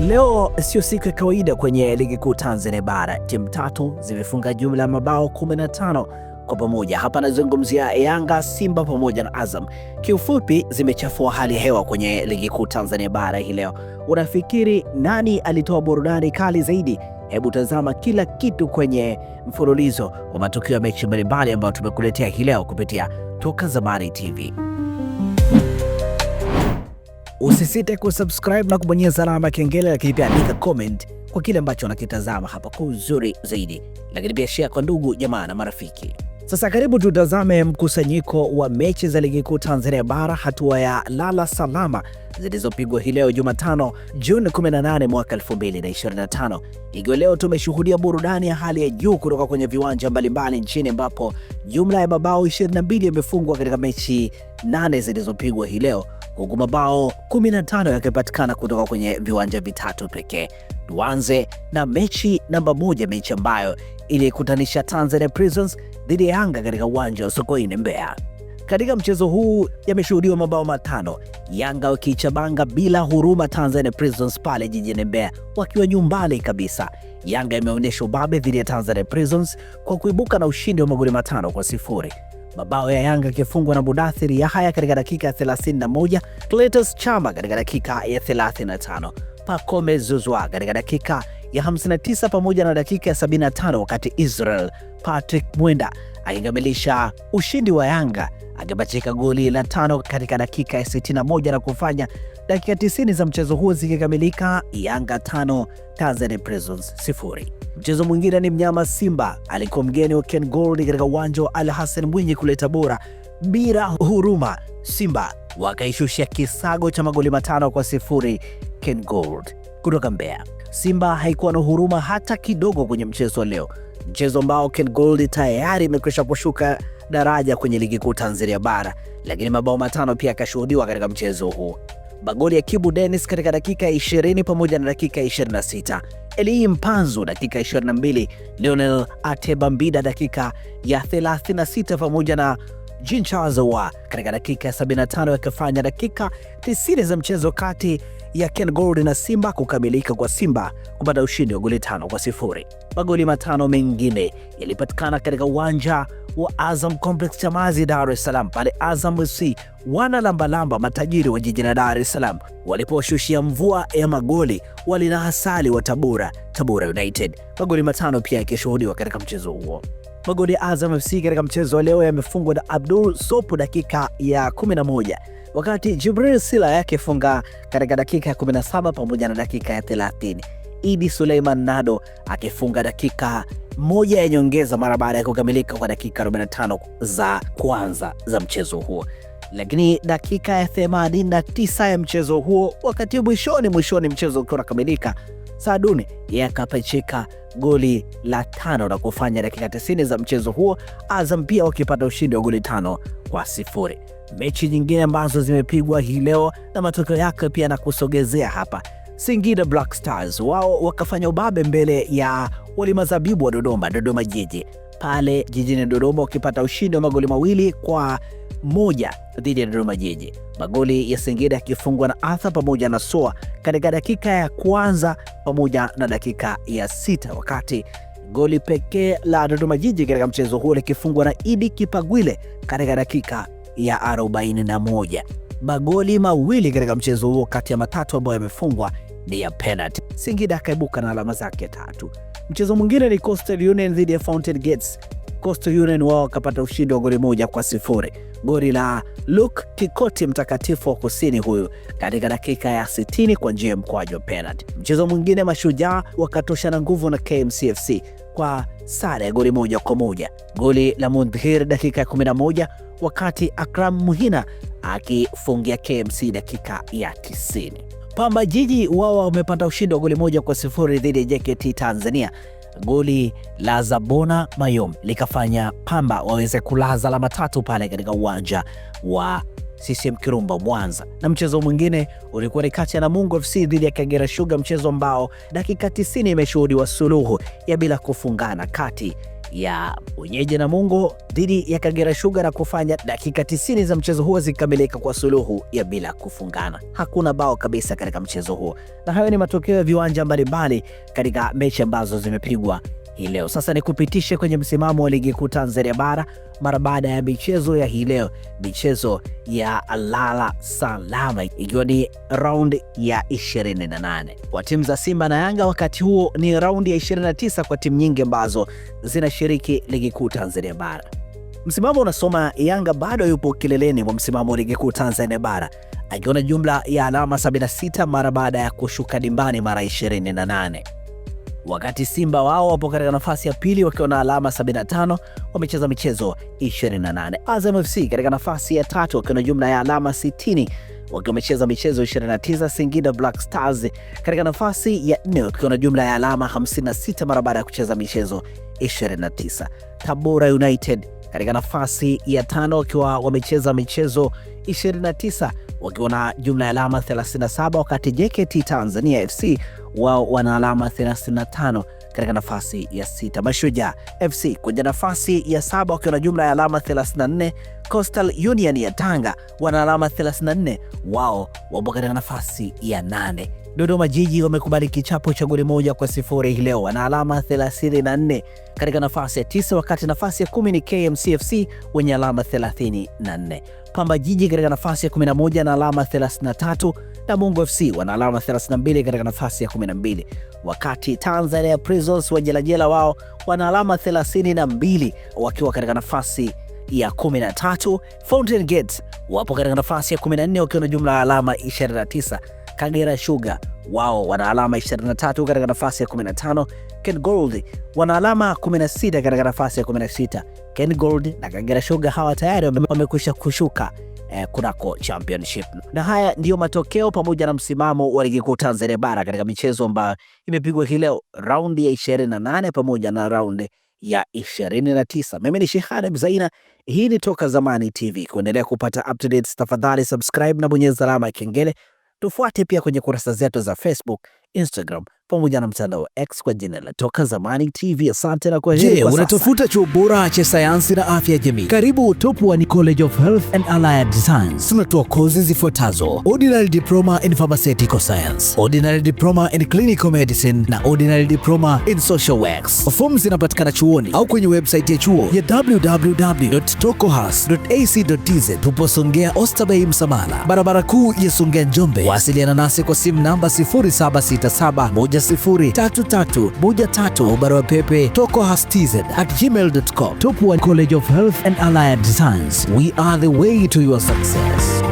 Leo sio siku ya kawaida kwenye ligi kuu Tanzania bara. Timu tatu zimefunga jumla ya mabao 15 kwa pamoja. Hapa nazungumzia Yanga, Simba pamoja na Azam. Kiufupi zimechafua hali ya hewa kwenye ligi kuu Tanzania bara hii leo. Unafikiri nani alitoa burudani kali zaidi? Hebu tazama kila kitu kwenye mfululizo wa matukio ya mechi mbalimbali ambayo tumekuletea hii leo kupitia Toka Zamani TV. Usisite kusubscribe na kubonyeza alama ya kengele, lakini pia andika comment kwa kile ambacho unakitazama hapa kwa uzuri zaidi, lakini pia share kwa ndugu jamaa na marafiki. Sasa karibu tutazame mkusanyiko wa mechi za ligi kuu Tanzania bara hatua ya lala salama zilizopigwa hii leo Jumatano Juni 18 mwaka 2025, ikiwa leo tumeshuhudia burudani ya hali ya juu kutoka kwenye viwanja mbalimbali nchini ambapo jumla ya mabao 22 yamefungwa katika mechi nane zilizopigwa hii leo huku mabao 15 yakipatikana kutoka kwenye viwanja vitatu pekee. Tuanze na mechi namba moja, mechi ambayo ilikutanisha Tanzania Prisons dhidi ya Yanga katika uwanja wa Sokoine Mbeya. Katika mchezo huu yameshuhudiwa mabao matano, Yanga wakiichabanga bila huruma Tanzania Prisons pale jijini Mbeya wakiwa nyumbani kabisa. Yanga imeonyesha ubabe dhidi ya Tanzania Prisons kwa kuibuka na ushindi wa magoli matano kwa sifuri. Mabao ya Yanga yakifungwa na Budathiri Yahaya katika dakika ya 31, Cletus Chama katika dakika ya 35, Pacome Zuzwa katika dakika ya 59 pamoja na dakika ya 75 wakati Israel Patrick Mwenda akikamilisha ushindi wa Yanga akipachika goli la tano katika dakika ya 61 na kufanya dakika 90 za mchezo huo zikikamilika Yanga tano Tanzania Prisons sifuri. Mchezo mwingine ni mnyama Simba alikuwa mgeni wa Ken Gold katika uwanja wa Al Hassan Mwinyi kule Tabora bila huruma, Simba wakaishushia kisago cha magoli matano kwa sifuri Ken Gold kutoka Mbeya. Simba haikuwa na huruma hata kidogo kwenye mchezo wa leo, mchezo ambao Ken Gold tayari imekwisha kushuka daraja kwenye ligi kuu Tanzania bara, lakini mabao matano pia yakashuhudiwa katika mchezo huu. Magoli ya Kibu Dennis katika dakika 20 pamoja na dakika 26, Eli Mpanzu dakika 22, Lionel Ateba Mbida dakika ya 36 pamoja na Jean Charles Ahoua katika dakika ya 75, yakifanya dakika 90 za mchezo kati ya Ken Gold na Simba kukamilika kwa Simba kupata ushindi wa goli tano kwa sifuri. Magoli matano mengine yalipatikana katika uwanja wa Azam Complex Chamazi, Dar es Salaam, pale Azam FC wana lambalamba matajiri wa jiji la Dar es Salaam waliposhushia mvua ya magoli hasali wa Tabora, Tabora United. Magoli matano pia yakishuhudiwa katika mchezo huo. Magoli ya Azam FC katika mchezo wa leo yamefungwa na Abdul Sopo dakika ya 11 wakati Jibril Sila yake funga katika dakika ya 17 pamoja na dakika ya 30. Idi Suleiman Nado akifunga dakika moja ya nyongeza mara baada ya kukamilika kwa dakika 45 za kwanza za mchezo huo. Lakini dakika ya 89 ya mchezo huo, wakati mwishoni mwishoni mchezo ukiwa unakamilika, Saduni yakapachika goli la tano na kufanya dakika 90 za mchezo huo, Azam pia wakipata ushindi wa goli tano kwa sifuri mechi nyingine ambazo zimepigwa hii leo na matokeo yake pia na kusogezea hapa. Singida Black Stars wao wakafanya ubabe mbele ya walimazabibu wa Dodoma, Dodoma Jiji pale jijini Dodoma, wakipata ushindi wa magoli mawili kwa moja dhidi ya Dodoma Jiji, magoli ya Singida yakifungwa na Atha pamoja na Soa katika dakika ya kwanza pamoja na dakika ya sita, wakati goli pekee la Dodoma Jiji katika mchezo huo likifungwa na Idi Kipagwile katika dakika ya 41. Magoli mawili katika mchezo huo kati ya matatu ambayo yamefungwa ni ya penalty. Singida akaibuka na alama zake tatu. Mchezo mwingine ni Coastal Union dhidi ya Fountain Gates. Coastal Union wao wakapata ushindi wa goli moja kwa sifuri. Goli la Luke Kikoti mtakatifu wa kusini huyu katika dakika ya 60 kwa njia ya mkwaju wa penalty. Mchezo mwingine Mashujaa wakatoshana nguvu na KMCFC kwa sare ya goli moja kwa moja. Goli la Mundhir dakika ya 11, wakati Akram Muhina akifungia KMC dakika ya 90. Pamba Jiji wao wamepata ushindi wa goli moja kwa sifuri dhidi ya JKT Tanzania. Goli la Zabona Mayom likafanya Pamba waweze kulaza alama tatu pale katika uwanja wa CCM Kirumba Mwanza, na mchezo mwingine ulikuwa ni kati ya Namungo FC dhidi ya Kagera Sugar, mchezo ambao dakika 90 imeshuhudiwa suluhu ya bila kufungana kati ya wenyeji Namungo dhidi ya Kagera Sugar na kufanya dakika 90 za mchezo huo zikikamilika kwa suluhu ya bila kufungana. Hakuna bao kabisa katika mchezo huo, na hayo ni matokeo ya viwanja mbalimbali katika mechi ambazo zimepigwa hii leo. Sasa ni kupitishe kwenye msimamo wa ligi kuu Tanzania bara mara baada ya michezo ya hii leo, michezo ya lala salama, ikiwa ni raundi ya 28 kwa timu za Simba na Yanga. Wakati huo ni raundi ya 29 kwa timu nyingi ambazo zinashiriki ligi kuu Tanzania bara. Msimamo unasoma Yanga bado yupo kileleni mwa msimamo wa ligi kuu Tanzania bara akiwa na jumla ya alama 76 mara baada ya kushuka dimbani mara 28 wakati Simba wao wapo katika nafasi ya pili wakiwa na alama 75, wamecheza michezo 28. Azam FC katika nafasi ya tatu wakiwa na jumla ya alama 60 wakiwa wamecheza michezo 29. Singida Black Stars katika nafasi ya nne wakiwa na jumla ya alama 56 mara baada ya kucheza michezo 29. Tabora United katika nafasi ya tano wakiwa wamecheza michezo 29 wakiwa na jumla ya alama 37, wakati JKT Tanzania FC wao wana alama 35 katika nafasi ya sita. Mashujaa FC kwenye nafasi ya saba wakiwa na jumla ya alama 34. Coastal Union ya Tanga wana alama 34, wao wapo katika nafasi ya nane. Dodoma Jiji wamekubali kichapo cha goli moja kwa sifuri hii leo, wana alama 34 katika nafasi ya tisa, wakati nafasi ya kumi ni KMCFC wenye alama 34. Pamba Jiji katika nafasi ya 11 na alama 33 na Mungo FC wana alama 32 katika nafasi ya 12, wakati Tanzania Prisons wa jelajela wao wana alama 32 wakiwa katika nafasi ya 13. Fountain Gate wapo katika nafasi ya 14 wakiwa na jumla ya alama 29. Kagera Sugar wao wana alama 23 katika nafasi ya 15. Ken Gold wana alama 16 katika nafasi ya 16. Ken Gold na Kagera Sugar hawa tayari wamekwisha kushuka eh, kunako championship. Na haya ndiyo matokeo pamoja na msimamo wa ligi kuu Tanzania bara katika michezo ambayo imepigwa hii leo, raundi ya ishirini na nane pamoja na raundi ya ishirini na tisa. Mimi ni Shehada Mzaina, hii ni Toka Zamani TV. Kuendelea kupata updates, tafadhali subscribe na bonyeza alama ya kengele. Tufuate pia kwenye kurasa zetu za Facebook, Instagram pamoja na mtandao X kwa jina la Toka Zamani TV. Asante na kwa heri. Je, unatafuta chuo bora cha sayansi na afya ya jamii? Karibu Top One College of Health and Allied Science. Tunatoa kozi zifuatazo: Ordinary Diploma in Pharmaceutical Science, Ordinary Diploma in Clinical Medicine na Ordinary Diploma in Social Works. Fomu zinapatikana chuoni au kwenye website ya chuo ya www.tokohas.ac.tz. Tupo Songea Ostabei Msamala, barabara kuu ya Songea Njombe. Wasiliana nasi kwa simu namba 0767 03313 barua pepe at gmailcom Top One College of Health and Allied Science we are the way to your success